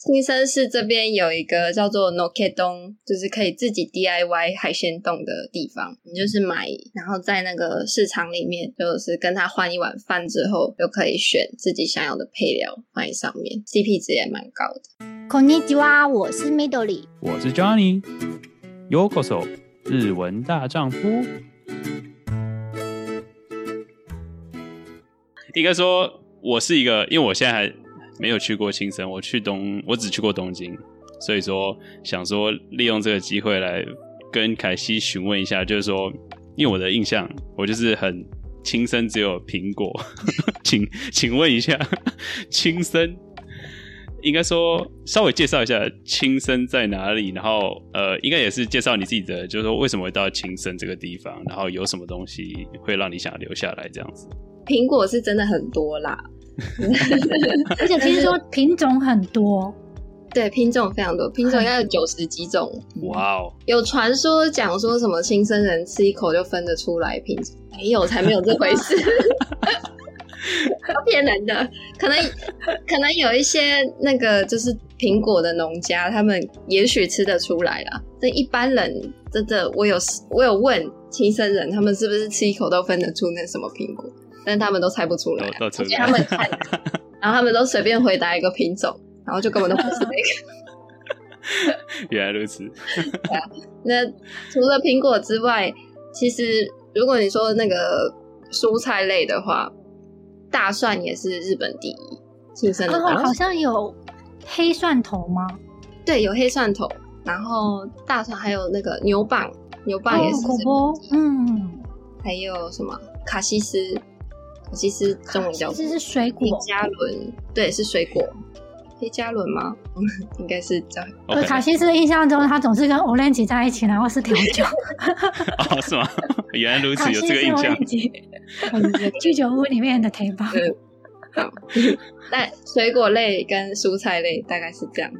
新生市這邊有一個叫做 Nokkedon，就是可以自己 DIY 海鮮丼的地方。你就是買，然後在那個市場裡面，就是跟他換一碗飯之後，就可以選自己想要的配料放在上面。CP 值也蠻高的。Konnichiwa，我是 Midori。我是 Johnny，Yokoso，日文大丈夫。應該說我是一個，因為我現在還。沒有去過青森，我去東，我只去過東京，所以說想說利用這個機會來跟凱西詢問一下，就是說，因為我的印象，我就是很青森只有蘋果，呵呵，請請問一下，青森應該說稍微介紹一下青森在哪裡，然後呃，應該也是介紹你自己的，就是說為什麼會到青森這個地方，然後有什麼東西會讓你想留下來這樣子。蘋果是真的很多啦。 而且聽說品種很多，對，品種非常多，品種要有九十幾種。哇哦，有傳說講說什麼青森人吃一口就分得出來品種，沒、欸、有，才沒有這回事，騙人 的。可能可能有一些那個就是蘋果的農家，他們也許吃得出來啦。但一般人真的我，我有我有問青森人，他們是不是吃一口都分得出那什麼蘋果？但他們都猜不出來，啊，oh, 他們猜 然後他們都隨便回答一個品種，然後就根本都不是那個。 原來如此 那除了蘋果之外，其實如果你說那個蔬菜類的話，大蒜也是日本第一，青森的。Oh, 好像有黑蒜頭嗎？對，有黑蒜頭，然後大蒜還有那個牛蒡，牛蒡也是。Oh, 嗯，還有什麼？卡西斯。其實卡西斯中文叫，這是水果。加侖，對，是水果。黑加侖嗎？ 應該是這樣。Okay. 卡西斯的印象中，他總是跟 orange 在一起，然後是調酒。哦 是嗎？原來如此，有這個印象。居酒屋裡面的台包。 好， 但水果類跟蔬菜類大概是這樣。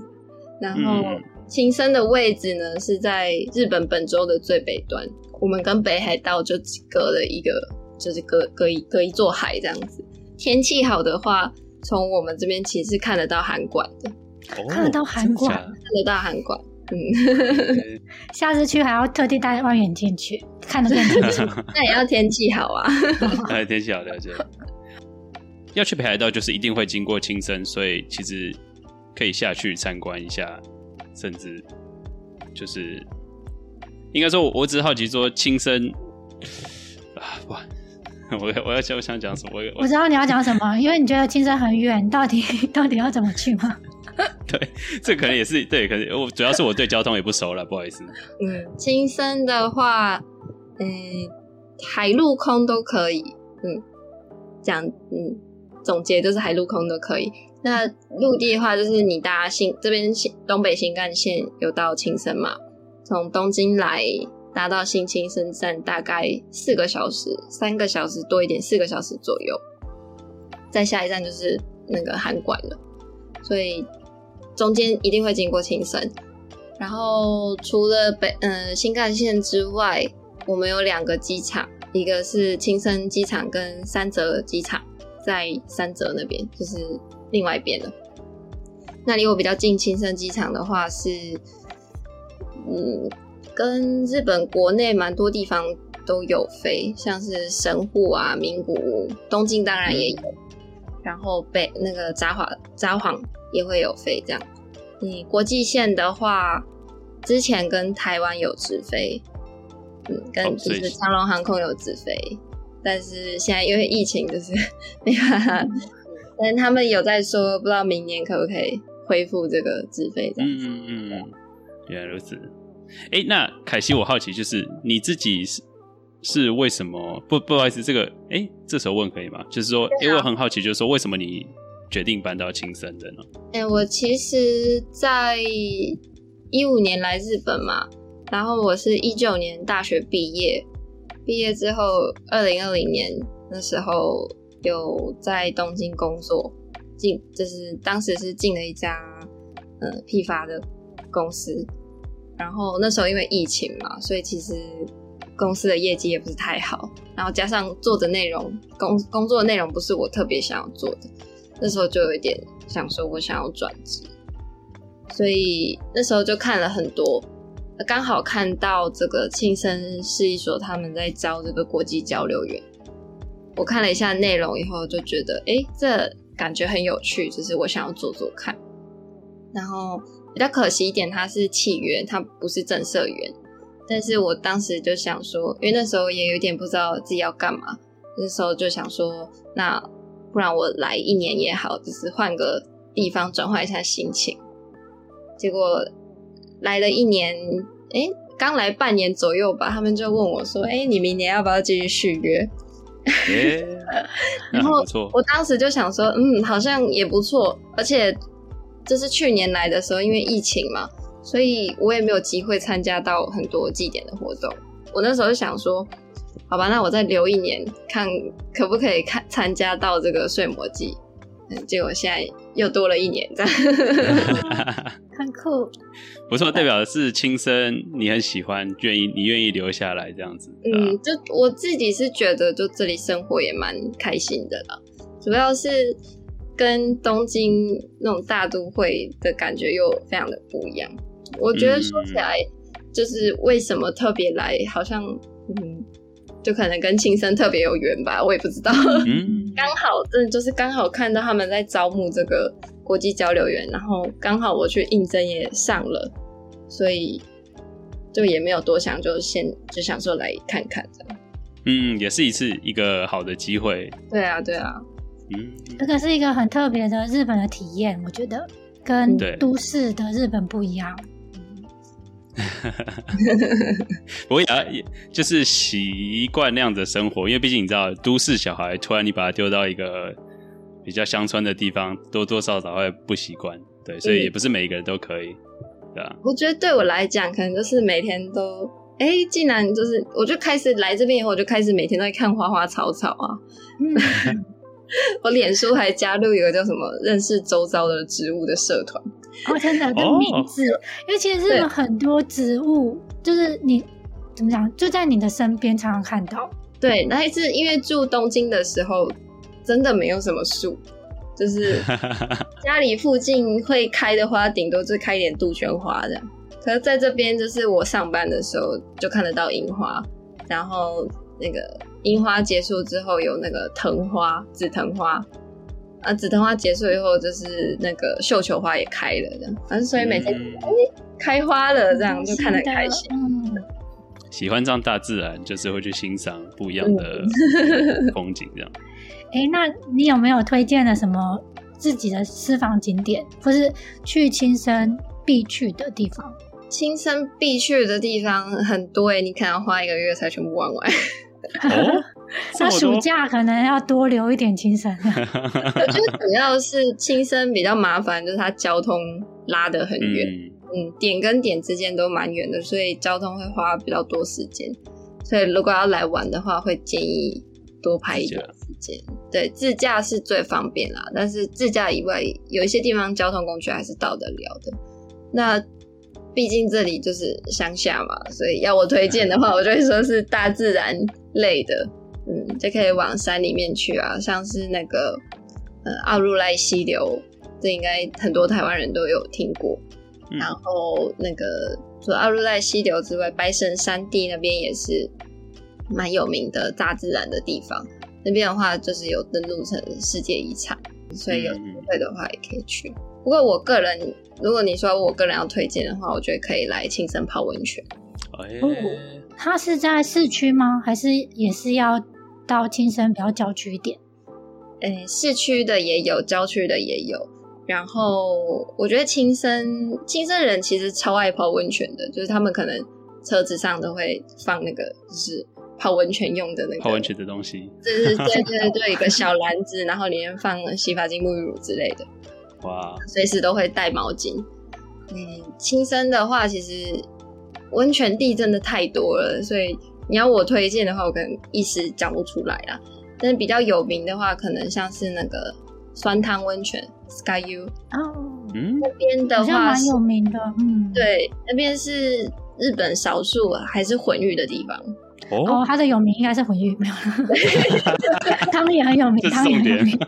然後，青、嗯、森的位置呢是在日本本州的最北端，我們跟北海道就隔了一個。就是隔隔一隔一座海這樣子，天氣好的話，從我們這邊其實看得到函館的，、哦、的，看得到函館，看得到函館。嗯，okay. 下次去還要特地帶望遠鏡去看的。那 也要天氣好啊，要、 哎、天氣好了，了解。要去北海道就是一定會經過青森，所以其實可以下去參觀一下，甚至就是應該說我，我我只好奇說青森啊不啊。我我要想我想講什麼我？我知道你要講什麼， 因為你覺得青森很遠，到底到底要怎麼去嗎？ 對，這可能也是，對，可能我主要是我對交通也不熟了，不好意思。嗯，青森的話，嗯、欸，海陸空都可以。嗯，講，嗯，總結就是海陸空都可以。那陸地的話，就是你搭新這邊新東北新幹線有到青森嘛？從東京來。搭到新青森站大概四個小時，三個小時多一點，四個小時左右。再下一站就是那個函館了，所以中間一定會經過青森。然後除了北、呃、新幹線之外，我們有兩個機場，一個是青森機場跟三澤機場，在三澤那邊就是另外一邊了。那離我比較近，青森機場的話是嗯。跟日本國內蠻多地方都有飛，像是神戶啊、名古屋、東京當然也有，嗯、然後北那個札幌，札幌也會有飛這樣。嗯，國際線的話，之前跟台灣有直飛，嗯、跟就是長榮航空有直飛，哦，但是現在因為疫情就是沒辦法，嗯、但他們有在說，不知道明年可不可以恢復這個直飛，這樣子。嗯嗯，嗯，原來如此。哎、欸，那凱西，我好奇就是你自己是是為什麼不不好意思，這個哎、欸，這時候問可以嗎？就是說，因為、欸、我很好奇，就是說為什麼你決定搬到青森的呢？哎、欸，我其實，在一五年來日本嘛，然後我是一九年大學畢業，畢業之後，二零二零年那時候有在東京工作，進就是當時是進了一家呃批發的公司。然後那時候因為疫情嘛，所以其實公司的業績也不是太好。然後加上做的內容工工作的內容不是我特別想要做的，那時候就有一點想說我想要轉職。所以那時候就看了很多，剛好看到這個青森市役所他們在招這個國際交流員。我看了一下內容以後就覺得，哎，這感覺很有趣，就是我想要做做看。然後。比較可惜一點，他是契約，他不是正社員。但是我當時就想說，因為那時候也有點不知道自己要幹嘛，那時候就想說，那不然我來一年也好，只是換個地方轉換一下心情。結果來了一年，哎、欸，剛來半年左右吧，他們就問我說：“哎、欸，你明年要不要繼續續約？”欸、 然後我當時就想說：“嗯，好像也不錯，而且……”就是去年來的時候，因為疫情嘛，所以我也沒有機會參加到很多祭典的活動。我那時候想說，好吧，那我再留一年，看可不可以看參加到這個睡魔祭、嗯。結果現在又多了一年，看客 不錯，代表的是青森你很喜歡，願意你願意留下來這樣子。嗯，就我自己是覺得，就這裡生活也蠻開心的了，主要是。跟東京那種大都會的感覺又非常的不一樣。我覺得說起來，就是為什麼特別來、嗯，好像嗯，就可能跟青森特別有緣吧，我也不知道。剛、 嗯、好嗯，就是剛好看到他們在招募這個國際交流員，然後剛好我去應徵也上了，所以就也沒有多想，就先就想說來看看的。嗯，也是一次一個好的機會。對啊，對啊。嗯，這個是一個很特別的日本的體驗，我覺得跟都市的日本不一樣。我、嗯、也 也就是習慣那樣的生活，因為畢竟你知道，都市小孩突然你把他丟到一個、呃、比較鄉村的地方，多多少少會不習慣。對，所以也不是每一個人都可以，嗯、對啊。我覺得對我來講，可能就是每天都，哎，既然就是，我就開始來這邊以後，我就開始每天都在看花花草草啊。嗯 我臉書還加入一個叫什麼“認識周遭的植物”的社團 哦 哦。哦天哪，跟名字，因為其實是有很多植物，就是你怎麼講，就在你的身邊常常看到。對，那一次因為住東京的時候，真的沒有什麼樹，就是家裡附近會開的花，頂多就開一點杜鵑花的。可是在這邊，就是我上班的時候就看得到櫻花，然後那個。櫻花結束之後有那個藤花紫藤花，啊，紫藤花結束以後就是那個繡球花也開了的，反、啊、正所以每天、嗯、開花了這樣就看得開心的、嗯。喜歡這樣大自然，就是會去欣賞不一樣的風景這樣。哎、嗯 欸，那你有沒有推薦的什麼自己的私房景點？或是去青森必去的地方？青森必去的地方很多哎、欸，你可能花一個月才全部玩完。那暑假可能要多留一點青森。我覺得主要是青森比較麻煩，就是它交通拉得很遠，嗯，嗯，點跟點之間都蠻遠的，所以交通會花比較多時間。所以如果要來玩的話，會建議多拍一點時間。對，自駕是最方便啦，但是自駕以外，有一些地方交通工具還是到得了的。那畢竟這裡就是鄉下嘛，所以要我推薦的話，嗯，我就會說是大自然。累的，嗯，就可以往山裡面去啊，像是那個呃，奧入瀨溪流，這應該很多台灣人都有聽過。嗯、然後那個除奧入瀨溪流之外，白神山地那邊也是蠻有名的大自然的地方，那邊的話就是有登錄成世界遺產，所以有機會的話也可以去、嗯。不過我個人，如果你說我個人要推薦的話，我覺得可以來青森泡溫泉。Oh yeah. 哦，它是在市區嗎？還是也是要到青森比較郊區一點？嗯、欸，市區的也有，郊區的也有。然後我覺得青森青森人其實超愛泡溫泉的，就是他們可能車子上都會放那個，就是泡溫泉用的那個泡溫泉的東西。就是，這是對對對一個小籃子， 然後裡面放洗髮精、沐浴乳之類的。哇，隨時都會帶毛巾。嗯，青森的話，其實。溫泉地真的太多了，所以你要我推薦的話，我可能一時講不出來啦。但是比較有名的話，可能像是那個酸湯溫泉 Skyu，哦，Sky U oh, 那邊的話是好像蠻有名的。嗯，對，那邊是日本少數還是混浴的地方哦。Oh? Oh, 它的有名應該是混浴沒有湯 也很有名，湯也很有名，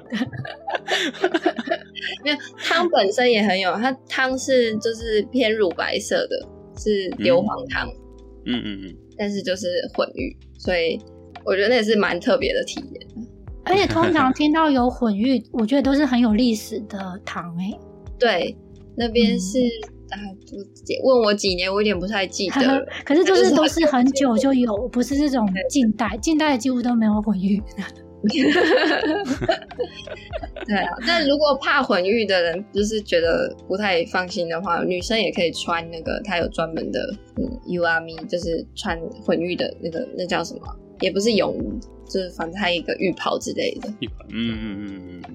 沒有湯本身也很有，它湯是就是偏乳白色的。是硫磺湯，嗯嗯嗯，但是就是混浴，嗯、所以我覺得那也是蠻特別的體驗。而且通常聽到有混浴， 我覺得都是很有歷史的湯誒、欸。對，那邊是、嗯、啊，問我幾年，我有點不太記得呵呵。可是就是都是很久就有，不是這種近代，近代幾乎都沒有混浴。哈哈哈對啊，但如果怕混浴的人，就是覺得不太放心的話，女生也可以穿那個，它有專門的，嗯，U R M，就是穿混浴的那個，那叫什麼？也不是泳衣，就是反正他一個浴袍之類的。浴袍，嗯嗯嗯嗯。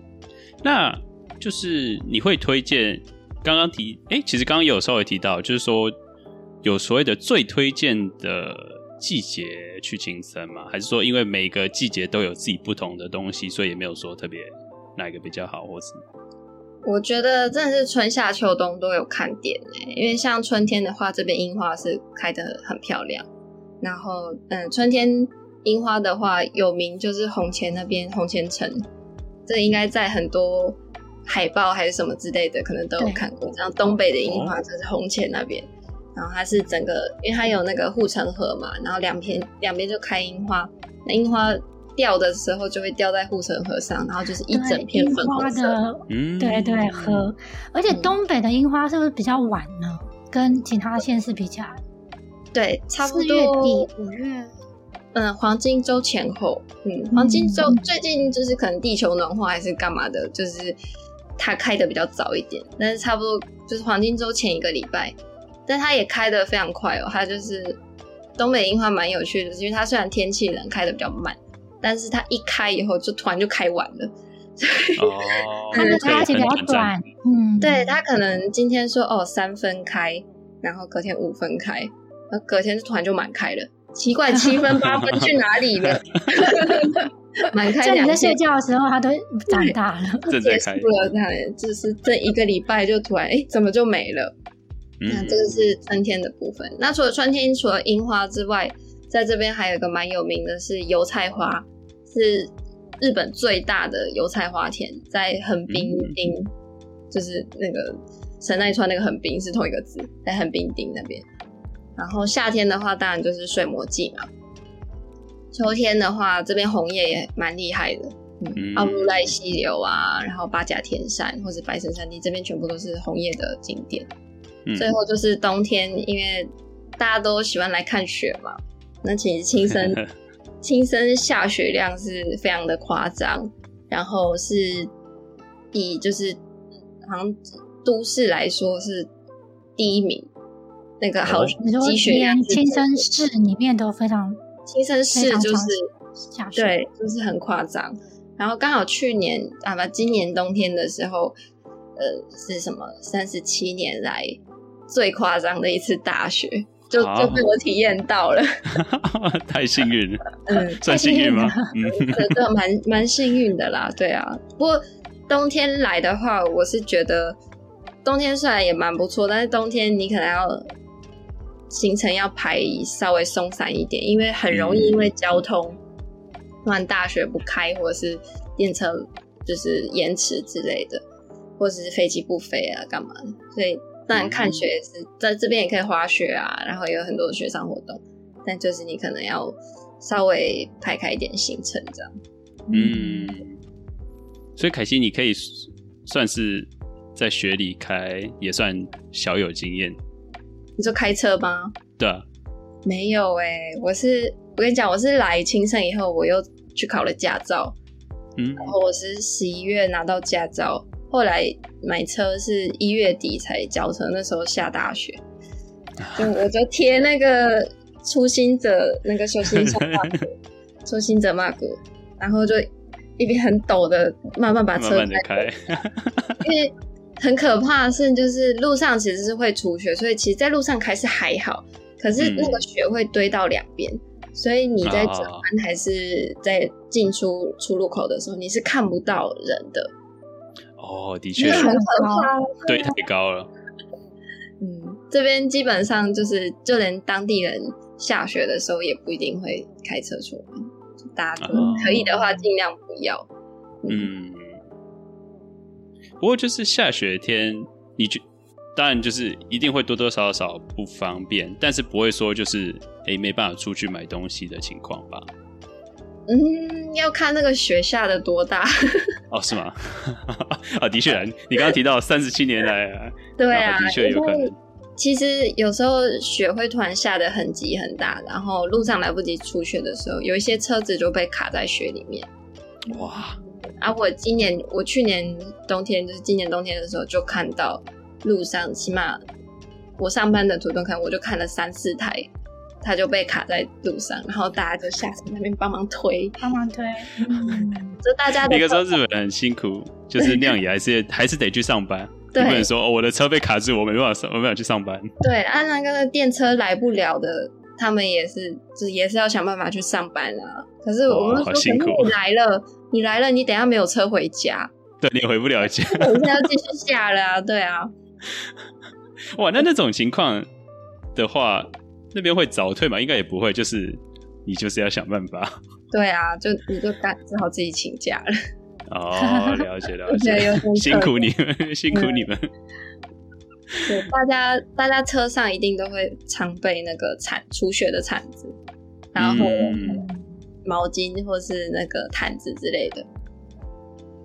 那就是你會推薦？剛剛提，哎、欸，其實剛剛有稍微提到，就是說有所謂的最推薦的。季節去青森嘛？還是說因為每個季節都有自己不同的東西，所以也沒有說特別哪一個比較好，或者？我覺得真的是春夏秋冬都有看點，因為像春天的話，這邊櫻花是開的很漂亮。然後，嗯，春天櫻花的話，有名就是弘前那邊，弘前城，這應該在很多海報還是什麼之類的，可能都有看過。像東北的櫻花就是弘前那邊。嗯然後它是整個，因為它有那個護城河嘛，然後兩邊兩邊就開櫻花，那櫻花掉的時候就會掉在護城河上，然後就是一整片粉紅色。對的對，對，河、嗯，而且東北的櫻花是不是比較晚呢？跟其他縣市比較？對，差不多四月底五月。嗯，黃金周前後。嗯，黃金周最近就是可能地球暖化還是幹嘛的，就是它開的比較早一點，但是差不多就是黃金周前一個禮拜。但它也開的非常快哦，它就是東北櫻花蠻有趣的，是因為它雖然天氣冷開的比較慢，但是它一開以後就突然就就開完了，它的花期比較短。嗯，對，它可能今天說哦三分開，然後隔天五分開，然後隔天就突然就滿開了，奇怪，七分八分去哪裡了？滿 開。就你在睡覺的時候，它都長大了，就結束了，就是這一個禮拜就突然、欸、怎麼就沒了？那這個是春天的部分。那除了春天，除了櫻花之外，在這邊還有一個蠻有名的，是油菜花，是日本最大的油菜花田，在橫濱町，就是那個神奈川那個橫濱是同一個字，在橫濱町那邊。然後夏天的話，當然就是睡魔祭嘛。秋天的話，這邊紅葉也蠻厲害的，嗯，奧入瀨溪流啊，然後八甲田山或者白神山地，這邊全部都是紅葉的景點。嗯、最後就是冬天，因為大家都喜歡來看雪嘛。那其實青森青森下雪量是非常的誇張，然後是以就是、嗯、好像都市來說是第一名，那個好積雪量。青森、哦、青森市裡面都非常，青森市就是下雪，對，就是很誇張。然後剛好去年啊不，今年冬天的時候，呃，是什麼三十七年來。最誇張的一次大雪，就就被我體驗到了,、oh. 了,嗯、了，太幸運了，嗯，算幸運嗎？蠻蠻幸運的啦，對啊。不過冬天來的話，我是覺得冬天雖然也蠻不錯，但是冬天你可能要行程要排稍微鬆散一點，因為很容易因為交通突然、嗯、大雪不開，或者是電車就是延遲之類的，或者是飛機不飛啊，幹嘛？所以。但看雪也是、嗯、在這邊也可以滑雪啊，然後也有很多雪上活動，但就是你可能要稍微排開一點行程這樣。嗯，所以凱西，你可以算是在雪裡開，也算小有經驗。你說開車嗎？對。沒有哎、欸，我是我跟你講，我是來青森以後，我又去考了駕照。嗯。然後我是十一月拿到駕照。後來買車是一月底才交車，那時候下大雪，就我就貼那個初心者那個休息一下，初心者罵哥， 然後就一邊很陡的慢慢把車慢慢開， 因為很可怕的是就是路上其實是會出雪，所以其實在路上開是還好，可是那個雪會堆到兩邊、嗯，所以你在轉彎還是在進出出入口的時候、嗯，你是看不到人的。哦，的確很可怕，對，太高了。嗯，這邊基本上就是，就連當地人下雪的時候也不一定會開車出門，大家、哦、可以的話盡量不要嗯。嗯，不過就是下雪天，你當然就是一定會多多少少不方便，但是不會說就是誒、欸、沒辦法出去買東西的情況吧。嗯，要看那個雪下的多大 。哦，是嗎？ 確啊，剛剛 啊，啊，的確，你剛剛提到三十七年來，對啊，的確有。可能。其實有時候雪會突然下的很急很大，然後路上來不及出雪的時候，有一些車子就被卡在雪裡面。哇！啊，我今年我去年冬天就是今年冬天的時候就看到路上，起碼我上班的途中看我就看了三四台。他就被卡在路上，然後大家就下車那邊幫忙推，幫忙推。嗯、 就大家那個說日本人很辛苦，就是亮也還是 還是得去上班。對，不能說、哦：“我的車被卡住，我沒辦法上，我沒辦法去上班。”對，按、啊、那個電車來不了的，他們也是，是也是要想辦法去上班了、啊、可是我們說：“哦、好辛苦你來了，你來了，你等下沒有車回家，對你回不了家，我 們要繼續下了啊對啊，哇，那那種情況的話。那邊會早退嘛？應該也不會，就是你就是要想辦法。對啊，就你就只好自己請假了。哦，了解了解， 辛苦你們，辛苦你們。對，大家大家車上一定都會常備那個鏟除雪的鏟子，然後、嗯、毛巾或是那個毯子之類的，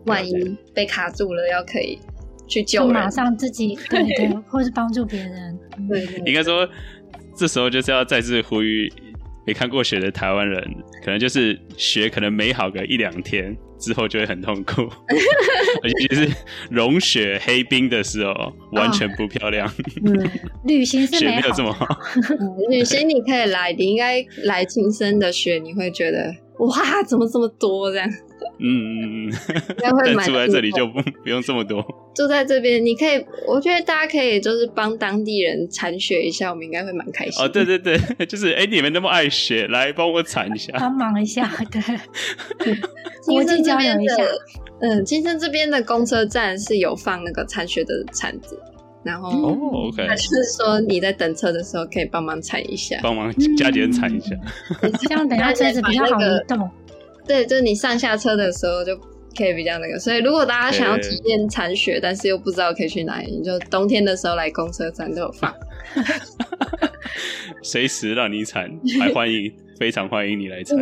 萬一被卡住了，要可以去救人，馬上自己對，對對， 或是幫助別人。對對，對，應該說。這時候就是要再次呼籲沒看過雪的台灣人，可能就是雪可能美好個一兩天之後就會很痛苦，尤 其是融雪黑冰的時候，完全不漂亮。哦、 嗯，旅行是沒有這麼好、嗯。旅行你可以來，你應該來青森的雪，你會覺得。哇，怎麼這麼多這樣子？嗯嗯嗯，但住在這裡就不不用這麼多。住在這邊，你可以，我覺得大家可以就是幫當地人鏟雪一下，我們應該會蠻開心。哦，對對對，就是哎、欸，你們那麼愛雪，來幫我鏟一下。幫忙一下，對。我 這邊的，嗯，青森這邊的公車站是有放那個鏟雪的鏟子。然後，oh, okay. 就是說你在等車的時候可以幫忙踩一下，幫忙加減踩一下。這、嗯、樣 等下車子比較好動、那個，對，就是你上下車的時候就可以比較那個。所以如果大家想要體驗鏟雪，okay. 但是又不知道可以去哪裡，你就冬天的時候來公車站都有放。隨 時讓你鏟，還歡迎， 非常歡迎你來鏟。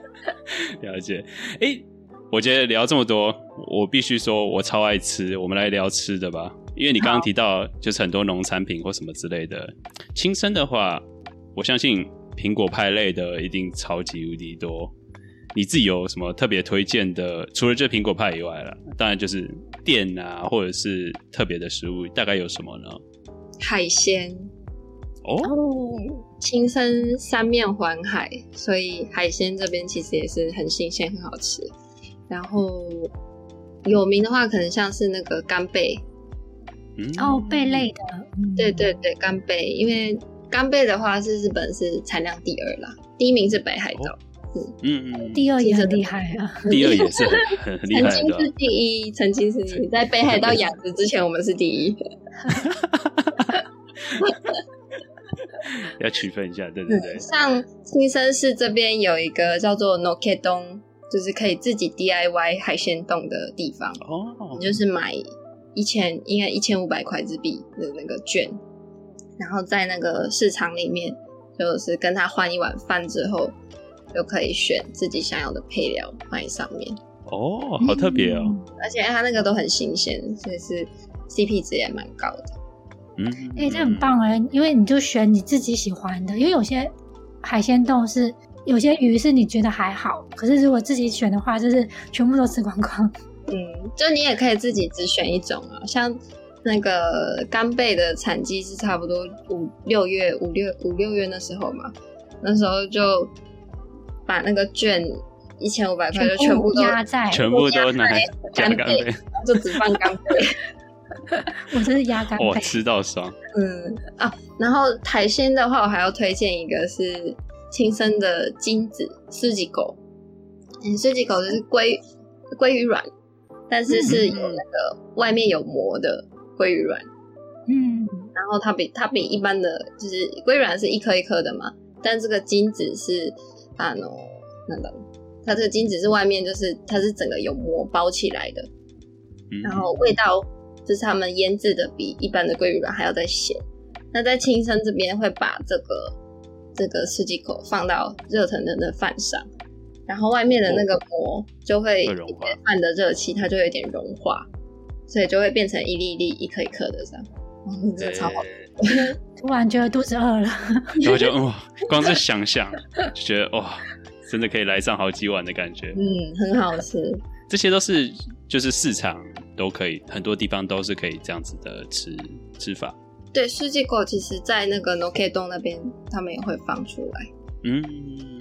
了解。哎、欸。我覺得聊這麼多，我必須說我超愛吃。我們來聊吃的吧，因為你剛剛提到就是很多農產品或什麼之類的。青森的話，我相信蘋果派類的一定超級無敵多。你自己有什麼特別推薦的？除了這蘋果派以外了，當然就是店啊，或者是特別的食物，大概有什麼呢？海鮮哦，嗯、青森三面環海，所以海鮮這邊其實也是很新鮮、很好吃。然後有名的話，可能像是那個干貝，哦，貝類的，對對對，干貝。因為干貝的話，是日本是產量第二啦，第一名是北海道、哦，嗯嗯，嗯，第二也很厲害啊，第二也是厲害， 曾經是第一，曾經是你在北海道養殖之前，我們是第一， 要區分一下，對對對，嗯、像青森市這邊有一個叫做 Nokkedon。就是可以自己 DIY 海鮮丼的地方，哦、oh.，你就是買一千應該一千五百塊日幣的那個券，然後在那個市場裡面，就是跟他換一碗飯之後，就可以選自己想要的配料放在上面。Oh, 哦，好特別哦！而且他那個都很新鮮，所以是 CP 值也蠻高的。嗯，誒、嗯欸，這很棒誒，因為你就選你自己喜歡的，因為有些海鮮丼是。有些魚是你覺得還好，可是如果自己選的話，就是全部都吃光光。嗯，就你也可以自己只選一種啊。像那個干貝的產季是差不多五六月、五六五六月那時候嘛，那時候就把那個券一千五百塊就全部都全部都拿貝、干貝，就只放干貝。 我真是壓干貝、哦、吃到爽。嗯啊，然後海鮮的話，我還要推薦一個是。青森的精子，獅子狗，嗯，獅子狗就是鮭鮭魚卵，但是是有那個外面有膜的鮭魚卵，嗯，嗯，嗯，然後它比它比一般的就是鮭魚卵是一顆一顆的嘛，但這個精子是啊那它這個精子是外面就是它是整個有膜包起來的嗯嗯嗯，然後味道就是他們醃製的比一般的鮭魚卵還要再鹹，那在青森這邊會把這個。這個四季口放到熱騰騰的飯上，然後外面的那個膜就會一點飯的熱氣，它就會有點融化，所以就會變成一粒一粒、一顆一顆的這樣，哦。真的超好， 突然覺得肚子餓了。然後就哇，嗯，光是想想就覺得哇，哦，真的可以來上好幾碗的感覺。嗯，很好吃。這些都是就是市場都可以，很多地方都是可以這樣子的吃吃法。對，四季狗其實，在那個 o K 洞那邊，他們也會放出來。嗯，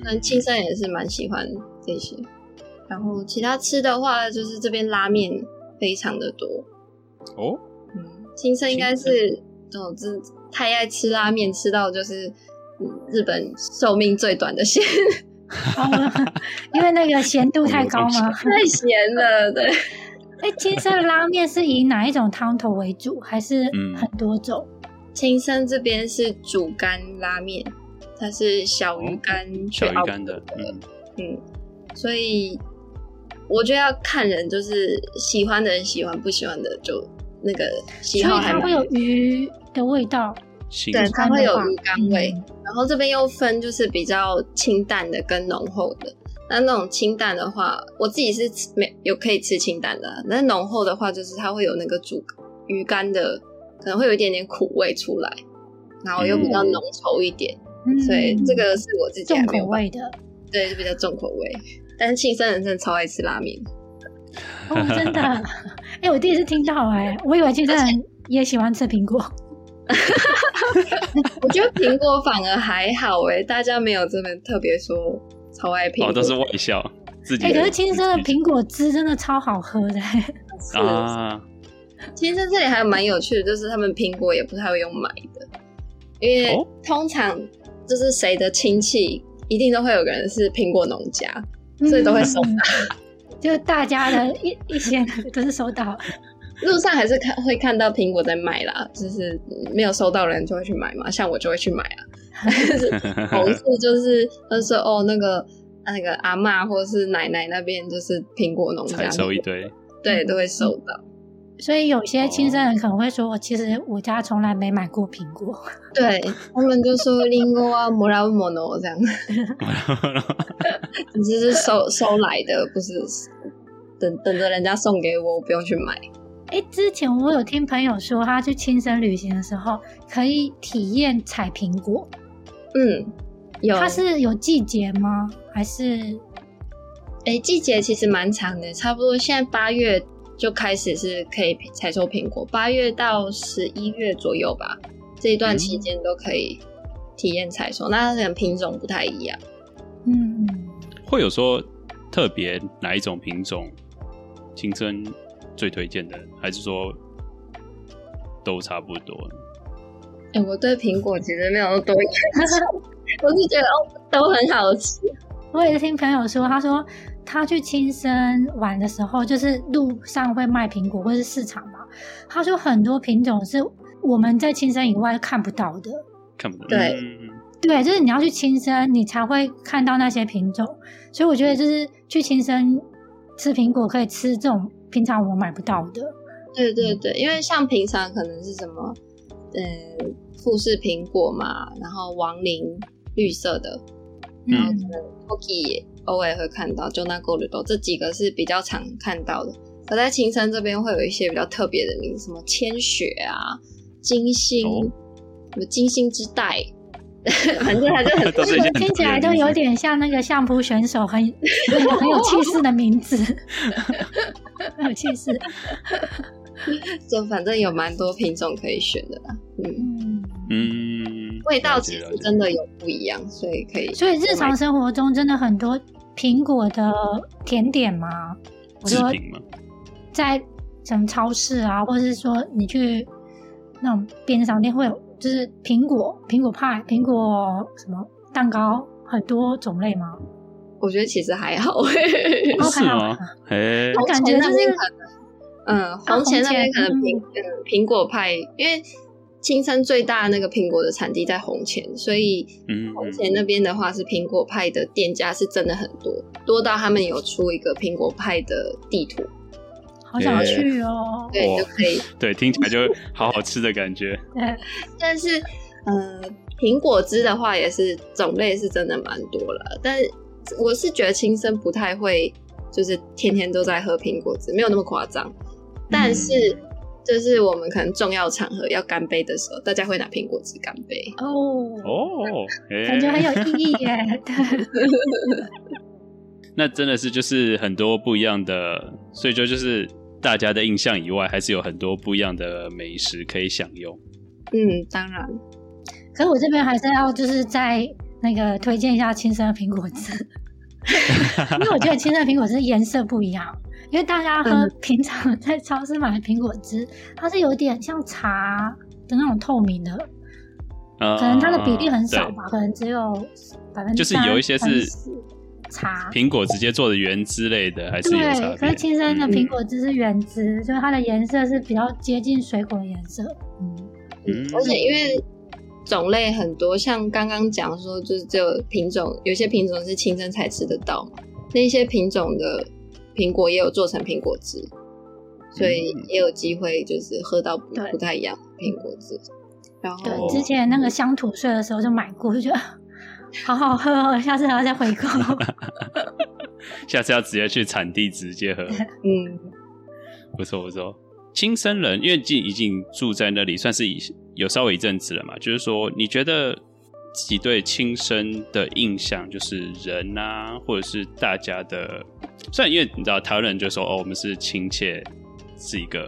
那青森也是蠻喜歡這些。然後其他吃的話，就是這邊拉麵非常的多。哦，嗯，青森應該是哦，總之太愛吃拉麵，吃到就是、嗯、日本壽命最短的縣， 因為那個鹹度太高了， 太鹹了。對，哎、欸，青森的拉麵是以哪一種湯頭為主，還是很多種？嗯青森這邊是煮乾拉麵，它是小魚乾、哦，小魚乾的。嗯，所以我覺得要看人，就是喜歡的人喜歡，不喜歡的就那個喜的。所以它會有魚的味道，對，它會有魚乾味、嗯。然後這邊又分就是比較清淡的跟濃厚的。那那種清淡的話，我自己是沒有可以吃清淡的，啊。那濃厚的話，就是它會有那個煮魚乾的。可能會有一點點苦味出來，然後又比較濃稠一點，嗯、所以這個是我自己重口味的。對，就比較重口味。但是青森人真的超愛吃拉麵。哦，真的？哎 欸，我第一次聽到哎、欸，我以為青森人也喜歡吃蘋果。 我覺得蘋果反而還好哎、欸，大家沒有這麼特別說超愛蘋果。哦、都是玩笑。自己。哎、欸，可是青森的蘋果汁真的超好喝的。的 是的啊。是其實這裡還有蠻有趣的，就是他們蘋果也不太會用買的，因為通常就是誰的親戚一定都會有個人是蘋果農家，所以都會收到，嗯嗯、就是大家的一一些都是收到。 路上還是看會看到蘋果在賣啦，就是沒有收到的人就會去買嘛，像我就會去買啊。 同事就是他說哦，那個那個阿嬤或是奶奶那邊就是蘋果農家，收一堆，對，都會收到。嗯所以有些青森人可能會說：“其實我家從來沒買過蘋果。”對，他 們就說“林檎啊，莫 拉莫諾這樣。”你這是收收來的，不是等等着人家送給我，我不用去買。欸、之前我有聽朋友說，他去青森旅行的時候可以體驗採蘋果。嗯，有他是有季節嗎？還是哎、欸，季節其實蠻長的，差不多現在八月。就開始是可以採收蘋果，八月到十一月左右吧，這一段期間都可以體驗採收。嗯、那兩品種不太一樣，嗯，會有說特別哪一種品種，青森最推薦的，還是說都差不多？哎、欸，我對蘋果其實沒有多， 我就覺得都很好吃。我也是聽朋友說，他說。他去青森玩的時候，就是路上會賣蘋果，或是市場嘛。他說很多品種是我們在青森以外看不到的，看不到。對，mm -hmm. 對，就是你要去青森，你才會看到那些品種。所以我覺得就是去青森吃蘋果，可以吃這種平常我買不到的。對對對、嗯，因為像平常可能是什麼，嗯，富士蘋果嘛，然後王林綠色的，然後嗯，托吉。偶爾會看到，就那溝綠豆這幾個是比較常看到的。我在青森這邊會有一些比較特別的名字，什麼千雪啊、金星，哦、什麼金星之帶，哦、 反正他就很多聽起來就有點像那個相撲選手很，很很,很,很, 很有氣勢的名字， 很有氣氣勢。就 反正有蠻多品種可以選的啦。嗯嗯，味道其實真的有不一樣，所以可以。所以,、嗯嗯、所以,以,所以日常生活中真的很多。蘋果的甜點嗎，嗎？我說在什麼超市啊，或者是說你去那種便利商店會有，就是蘋果蘋果派、蘋果什麼蛋糕很多種類嗎？我覺得其實還好，還好啊，我感覺那、就是那可能，嗯，弘前那個蘋果派，因為。青森最大的那個蘋果的產地在弘前，所以，嗯、弘前那邊的話是蘋果派的店家是真的很多，多到他們有出一個蘋果派的地圖。好想要去哦，喔喔！對，就可以對，聽起來就好好吃的感覺。 但是，呃，蘋果汁的話也是種類是真的蠻多了，但是我是覺得青森不太會，就是天天都在喝蘋果汁，沒有那麼誇張，但是。嗯就是我們可能重要場合要乾杯的時候，大家會拿蘋果汁乾杯。哦哦，oh, 感覺很有意義耶！ 對， 那真的是就是很多不一樣的，所以就就是大家的印象以外，還是有很多不一樣的美食可以享用。嗯，當然，可是我這邊還是要就是再那個推薦一下青森的蘋果汁， 因為我覺得青森的蘋果汁顏色不一樣。因為大家喝平常在超市買的蘋果汁，嗯，它是有點像茶的那種透明的。啊、可能它的比例很少吧，可能只有百分之三。就是有一些是茶蘋果直接做的原汁類的，還是對。可是青森的蘋果汁是原汁，嗯、所以它的顏色是比較接近水果的顏色嗯。嗯，而且因為種類很多，像剛剛講說，就是只有品種，有些品種是青森才吃得到，那些品種的。蘋果也有做成蘋果汁，所以也有機會就是喝到不，嗯、不太一樣蘋果汁。然後對，之前那個鄉土稅的時候就買過，就覺得好好喝，嗯，下次還要再回購。 下次要直接去產地直接喝，嗯，不錯不錯。青森人因為已已經住在那裡，算是有稍微一陣子了嘛，就是說你覺得？自己對青森的印象就是人啊，或者是大家的，雖然因為你知道台灣人就說哦，我們是親切，是一個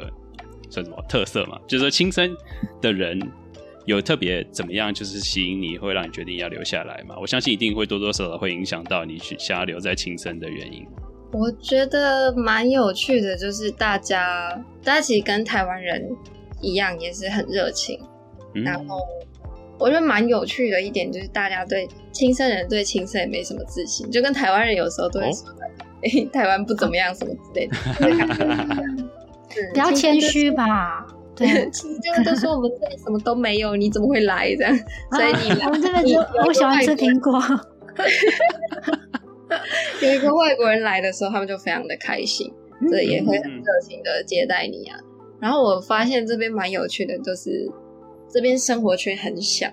是什麼特色嘛？就是、說青森的人有特別怎麼樣，就是吸引你會讓你決定要留下來嘛？我相信一定會多多少少會影響到你去想要留在青森的原因。我覺得蠻有趣的，就是大家，大家其實跟台灣人一樣也是很熱情、嗯，然後。我覺得蠻有趣的一點就是，大家對青森人對青森也沒什麼自信，就跟台灣人有時候都會說，哎、哦欸，台灣不怎麼樣什麼之類的，啊嗯 嗯、比較謙虛吧。對，其實就都、是啊、說我們這裡什麼都沒有，你怎麼會來？這樣， 所以你們、啊、我們這邊就我喜歡吃蘋果。 有一個外國人來的時候，他們就非常的開心，對、嗯，所以也會很熱情的接待你啊。嗯、然後我發現這邊蠻有趣的就是。這邊生活圈很小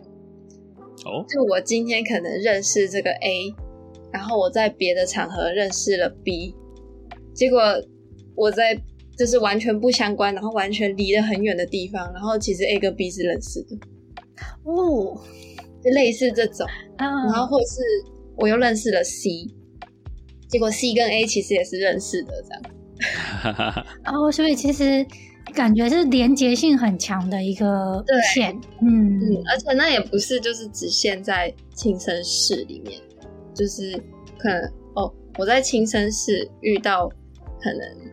，oh? 就我今天可能認識這個 A，然後我在別的場合認識了 B，結果我在就是完全不相關，然後完全離得很遠的地方，然後其實 A 跟 B 是認識的，哦，oh，就類似這種，oh. 然後或者是我又認識了 C，結果 C 跟 A 其實也是認識的，這樣，然後所以其實。感覺是連結性很強的一個線。嗯，嗯，而且那也不是就是只限在青森市裡面，就是可能哦，我在青森市遇到可能，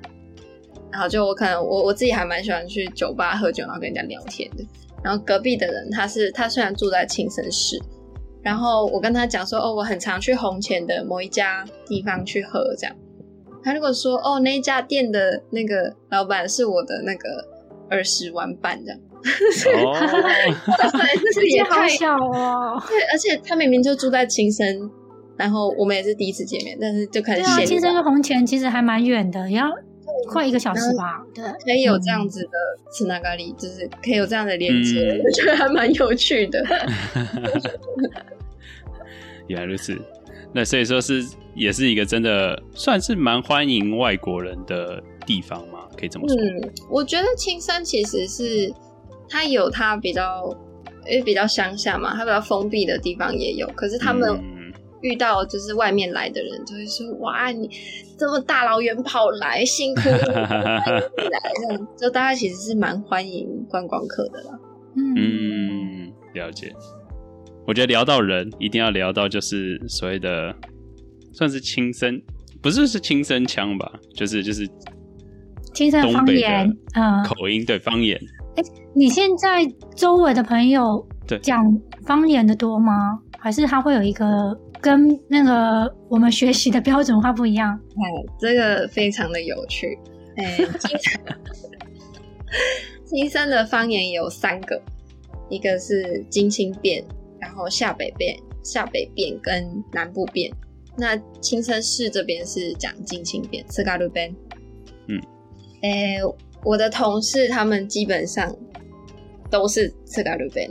然後就我可能我我自己還蠻喜歡去酒吧喝酒，然後跟人家聊天的。然後隔壁的人他是他雖然住在青森市，然後我跟他講說哦，我很常去弘前的某一家地方去喝這樣。他如果說哦，那家店的那個老闆是我的那個兒時玩伴，這樣，哈哈哈哈哈，這 是 自己也 好小哦。對，而且他明明就住在青森，然後我們也是第一次見面，但是就開始寫。青森跟弘前其實還蠻遠的，要快一個小時吧。對、嗯呃，可以有這樣子的繋がり，就是可以有這樣的連接，我覺得還蠻有趣的。原 來 如此，那所以說是。也是一個真的算是蠻歡迎外國人的地方嗎？可以這麼說。嗯，我覺得青森其實是他有他比較因為比較鄉下嘛，他比較封閉的地方也有。可是他們遇到就是外面來的人，就會說、嗯：“哇，你這麼大老遠跑來，辛苦了，你 來。”就大家其實是蠻歡迎觀光客的啦嗯。嗯，了解。我覺得聊到人，一定要聊到就是所謂的。算是青森，不是是青森腔吧？就是就是青森方言啊口音，對方言，對方言、嗯。你現在週圍的朋友講方言的多嗎？還是他會有一個跟那個我們學習的標準話不一樣？哎，這個非常的有趣。哎，青森的方言有三個，一個是津輕弁，然後下北弁、下北弁跟南部弁。那青森市這邊是講津輕弁，澀嘎綠邊。嗯，誒、欸，我的同事他們基本上都是澀嘎綠邊，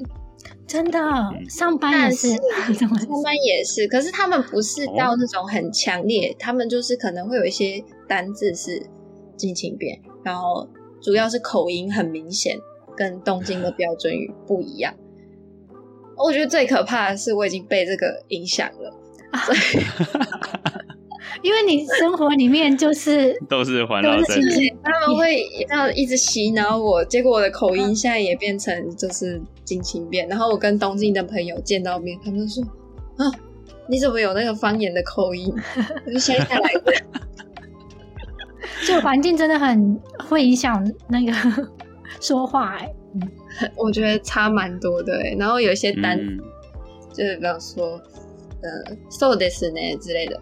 真的上班也是，是，上班也是。可是他們不是到那種很強烈，哦，他們就是可能會有一些單字是津輕弁，然後主要是口音很明顯，跟東京的標準語不一樣。 我覺得最可怕的是，我已經被這個影響了。 啊、因為你生活裡面就是都是環繞他們會要一直洗腦我，結果我的口音現在也變成就是津輕弁，嗯。然後我跟東京的朋友見到面，他們就說：“啊，你怎麼有那個方言的口音？ 我就現在帶來的？”這個環境真的很會影響那個說話，欸。哎、嗯，我覺得差蠻多的，欸。然後有一些單，嗯、就是比方說。嗯，そうですね、之類的，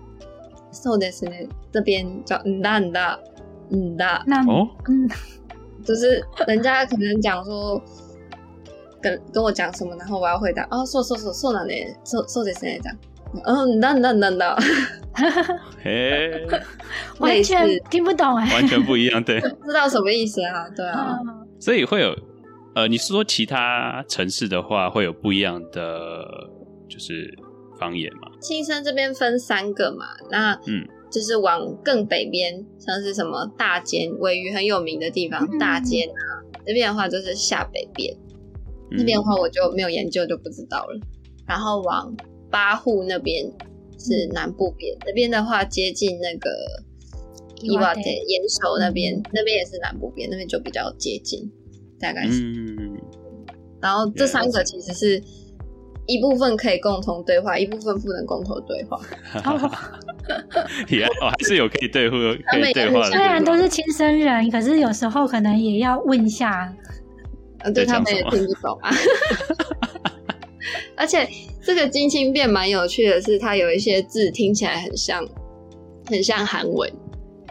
そうですね、這邊叫なんだ、なんだ、なんだ、嗯、哦，就是人家可能講說跟，跟跟我講什麼，然後我要回答啊，so so so so だね、そうそうですね、這樣，嗯、なんだなんだ、哈哈，哎，完全聽不懂哎， 完全不一樣，對，不 知道什麼意思啊，對啊，啊所以會有，呃，你是說其他城市的話會有不一樣的，就是。方言嘛，青森這邊分三個嘛，那嗯，就是往更北邊、嗯，像是什麼大間鮪魚很有名的地方，嗯、大間、啊、那這邊的話就是下北邊，這、嗯、邊的話我就沒有研究就不知道了。然後往八戶那邊是南部邊，那邊的話接近那個伊瓦杰岩手那邊、嗯，那邊也是南部邊，那邊就比較接近，大概是。嗯、然後這三個其實是。嗯嗯一部分可以共同對話，一部分不能共同對話哈哈哈哈 也。哦，還是有可以對，可以對話，的話。雖然都是親生人，可是有時候可能也要問一下，對，對他們也聽不懂啊。 而且這個津輕弁蠻有趣的是，是它有一些字聽起來很像，很像韓文，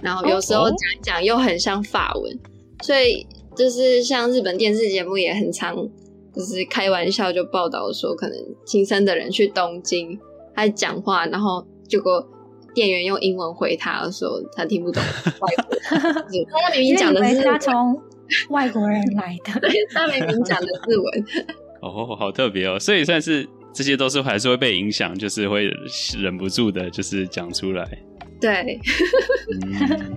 然後有時候講講又很像法文，哦，所以就是像日本電視節目也很常。就是開玩笑，就報道說，可能青森的人去東京，他講話，然後結果店員用英文回他的時候他聽不懂外國， 就是、 他明明講的是，他從外國人來的 他明明講的日文。哦、 oh, oh，好特別哦，所以算是這些都是還是會被影響，就是會忍不住的，就是講出來。對，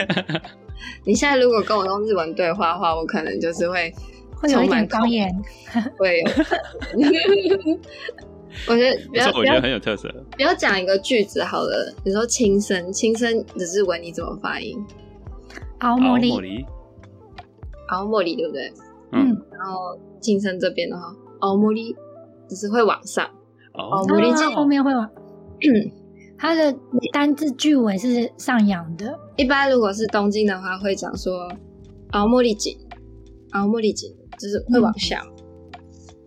你現在如果跟我用日文對話的話，我可能就是會。會有一點高音 我覺得比較，我覺得很有特色。比較講一個句子好了，比如說青森，青森只是問你怎麼發音？奧摩莉，奧摩莉對不對？嗯。然後青森這邊的話，奧摩莉只是會往上，奧、哦、摩、哦、里在、哦、後面會往。它 的單字句尾是上揚的。一般如果是東京的話，會講說奧摩莉景，奧摩莉景。就是會往下，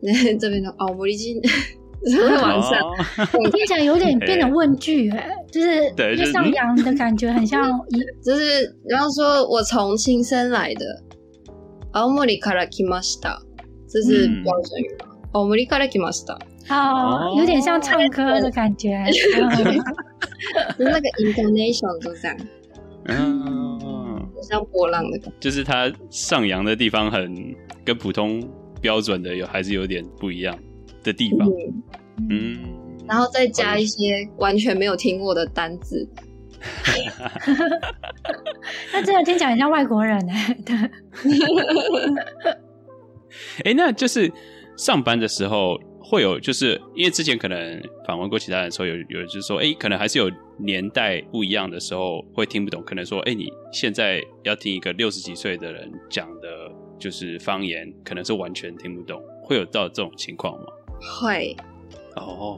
嗯、這邊的哦，青森會往上。你、哦、這、嗯、有點變成問句哎、欸欸，就是就是、上揚的感覺，很像一、嗯。就是比方說我從青森來的，青森から來ました，這、就是標準語。青森から來ました，哦，有點像唱歌的感覺，哦嗯、 就那個 intonation 就這樣，嗯，像波浪的感覺，就是它上揚的地方很。跟普通標準的有，還是有點不一樣的地方。嗯，嗯，然後再加一些完全沒有聽過的單字， 那真的聽起來很像外國人呢。對，哎，那就是上班的時候會有，就是因為之前可能訪問過其他人的時候有，有有就是說，哎、欸，可能還是有年代不一樣的時候會聽不懂，可能說，哎、欸，你現在要聽一個六十幾歲的人講的，就是方言，可能是完全聽不懂，會有到這種情況嗎？會。哦、oh.，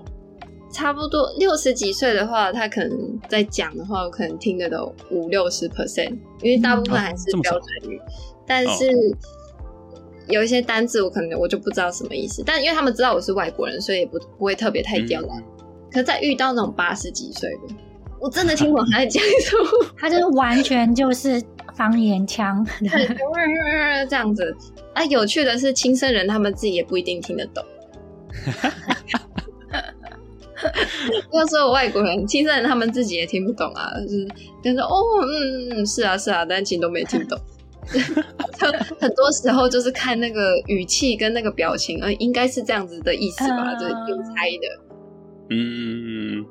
差不多六十幾歲的話，他可能在講的話，我可能聽得懂五六十 percent，因為大部分還是標準語。啊，這麼少？但是，oh. 有一些單字，我可能我就不知道什麼意思。但因為他們知道我是外國人，所以也不不會特別太刁難。嗯，可是在遇到那種八十幾歲的，我真的聽不懂他在講什麼。 他就是完全就是。方言腔， 對 這樣子。啊，有趣的是，青森人他們自己也不一定聽得懂。 不要說我外國人、青森人，他們自己也聽不懂啊，就是，就是，就說哦，嗯，是啊，是啊，但是其實都沒聽懂。 很多時候就是看那個語氣跟那個表情，呃、啊，應該是這樣子的意思吧，呃、就有、是、猜的。嗯。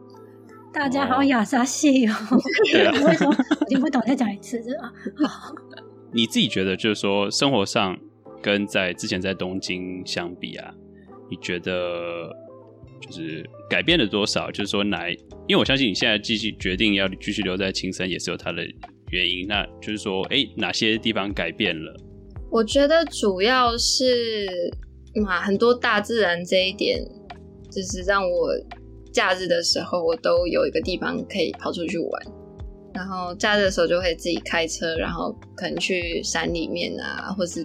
大家好、喔 oh, 說，亞莎謝哦，你為什麼你不懂？再講一次，是吧？ 你自己覺得就是說，生活上跟在之前在東京相比啊，你覺得就是改變了多少？就是說哪？因為我相信你現在繼續決定要繼續留在青森，也是有它的原因。那就是說，哎、欸，哪些地方改變了？我覺得主要是嘛、嗯啊，很多大自然這一點，就是讓我。假日的時候，我都有一個地方可以跑出去玩，然後假日的時候就會自己開車，然後可能去山裡面啊，或是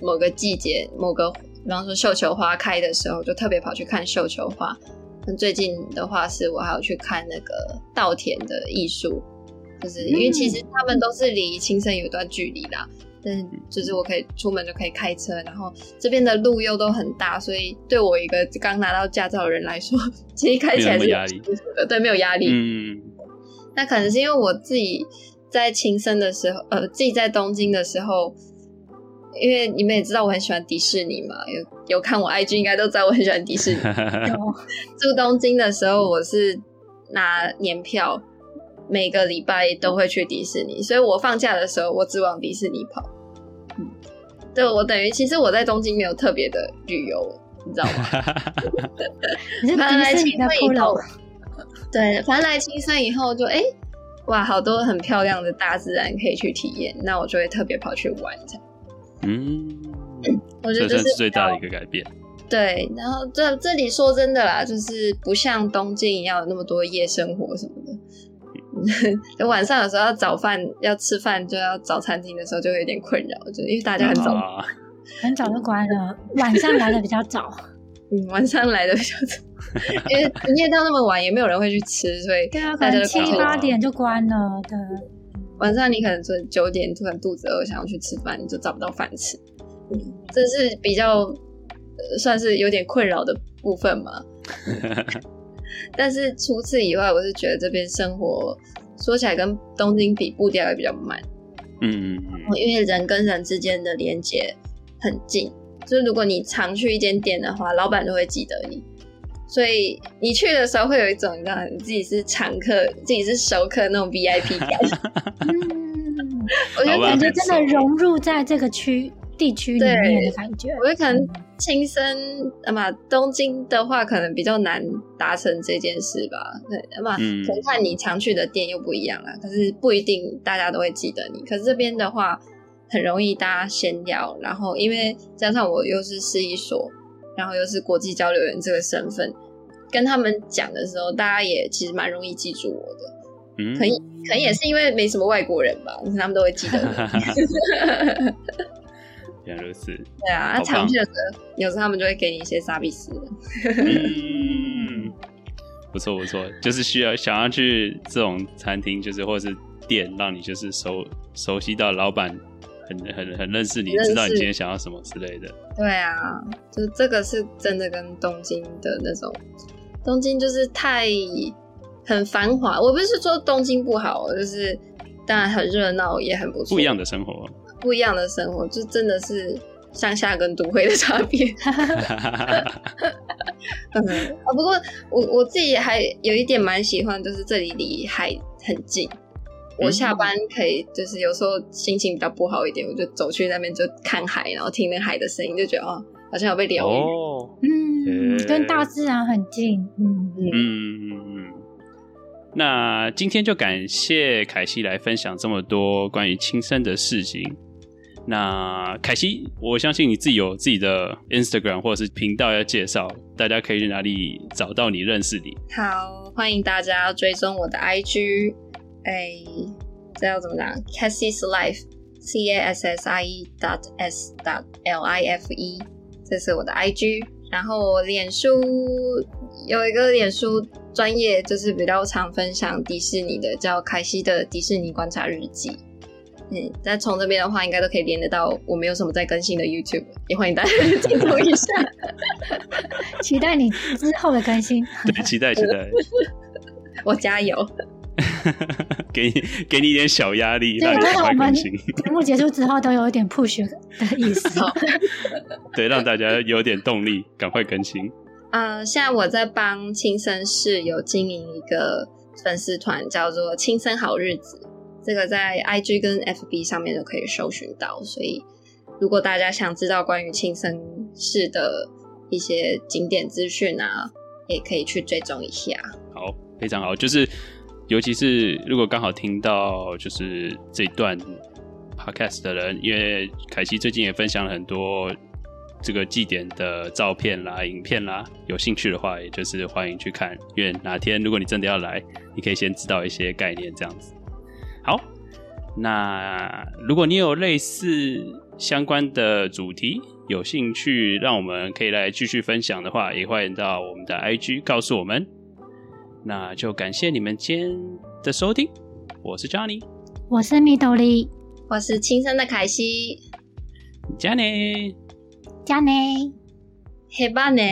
某個季節，某個比方說繡球花開的時候，就特別跑去看繡球花。但最近的話，是我還要去看那個稻田的藝術，就是因為其實他們都是離青森有一段距離啦。但就是我可以出門就可以開車，然後這邊的路又都很大，所以對我一個剛拿到駕照的人來說，其實開起來是沒有壓力。對，沒有壓力。嗯，那可能是因為我自己在青森的時候，呃，自己在東京的時候，因為你們也知道我很喜歡迪士尼嘛，有有看我 IG 應該都知道我很喜歡迪士尼。 然後住東京的時候，我是拿年票。每個禮拜都會去迪士尼、嗯，所以我放假的時候，我只往迪士尼跑。嗯、對，我等於其實我在東京沒有特別的旅遊，你知道嗎？ 反正來青森以後， 對，反正來青森以後就哎、欸、哇，好多很漂亮的大自然可以去體驗，那我就會特別跑去玩一下、嗯。嗯，我覺得這是，是最大的一個改變。對，然後這這裡說真的啦，就是不像東京一樣有那麼多夜生活什麼的。 晚上有時候要找飯，要吃飯就要找餐廳的時候就會有點困擾，就因為大家很早，oh. 很早就關了。晚上來的比較早， 嗯，晚上來的比較早， 因為營業到那麼晚也沒有人會去吃，所以大家對啊，可能七八點就關了。對，嗯、晚上你可能說九點突然肚子餓想要去吃飯，你就找不到飯吃， 這是比較、呃、算是有點困擾的部分嘛。 但是除此以外，我是覺得這邊生活說起來跟東京比步調也比較慢。嗯，嗯。因為人跟人之間的連接很近，就是如果你常去一間店的話，老闆都會記得你，所以你去的時候會有一種，你知道，你自己是常客，自己是熟客那種 VIP 感。哈 我就感覺真的融入在這個區。地區裡面的感覺，我也可能青森、啊、東京的話可能比較難達成這件事吧。對啊嘛，嗯、可能看你常去的店又不一樣了。可是不一定大家都會記得你。可是這邊的話，很容易大家閒聊，然後因為加上我又是市役所，然後又是國際交流員這個身份，跟他們講的時候，大家也其實蠻容易記住我的。嗯，可能可能也是因為沒什麼外國人吧，他們都會記得我。 就是、對啊，那常去的時候，有時候他們就會給你一些沙比斯、 嗯。不錯不錯，就是需要想要去這種餐廳，就是或者是店，讓你就是熟熟悉到老闆很很很認識你認識，知道你今天想要什麼之類的。對啊，就這個是真的跟東京的那種，東京就是太很繁華。我不是說東京不好，就是當然很熱鬧，也很不錯，不一樣的生活。不一樣的生活，就真的是鄉下跟都會的差別。啊、 哦，不過我我自己還有一點蠻喜歡，就是這裡離海很近、嗯。我下班可以，就是有時候心情比較不好一點，我就走去那邊就看海，然後聽那海的聲音，就覺得哦，好像有被療癒、哦。嗯，跟大自然很近。嗯嗯嗯嗯。那今天就感謝凱西來分享這麼多關於青森的事情。那凱西，我相信你自己有自己的 Instagram 或者是頻道要介紹，大家可以去哪裡找到你、認識你？好，歡迎大家追蹤我的 IG，哎，這要怎麼講？Cassie's Life，C A S S I E. dot S. dot L I F E，這是我的 IG。然後我臉書有一個臉書專業，就是比較常分享迪士尼的，叫凱西的迪士尼觀察日記。嗯，在從這邊的話，應該都可以連得到。我沒有什麼在更新的 YouTube，也歡迎大家進播一下。 期待你之後的更新，對，期待期待。 我加油。 給你給你一點小壓力，對，讓大家快更新。我們節目結束之後，都有一點 push 的意思哦。 對，讓大家有點動力，趕快更新。嗯、呃，現在我在幫青森市有經營一個粉絲團，叫做“青森好日子”。這個在 IG 跟 FB 上面就可以搜尋到，所以如果大家想知道關於青森市的一些景點資訊啊，也可以去追蹤一下。好，非常好，就是尤其是如果剛好聽到就是這段 Podcast 的人，因為凱西最近也分享了很多這個祭典的照片啦、影片啦，有興趣的話，也就是歡迎去看。因為哪天如果你真的要來，你可以先知道一些概念，這樣子。好，那如果你有類似相關的主題有興趣，讓我們可以來繼續分享的話，也歡迎到我們的 IG 告訴我們。那就感謝你們今天的收聽，我是 Johnny，我是 Midori，我是青森的凱西，Johnny，Johnny，黑板呢？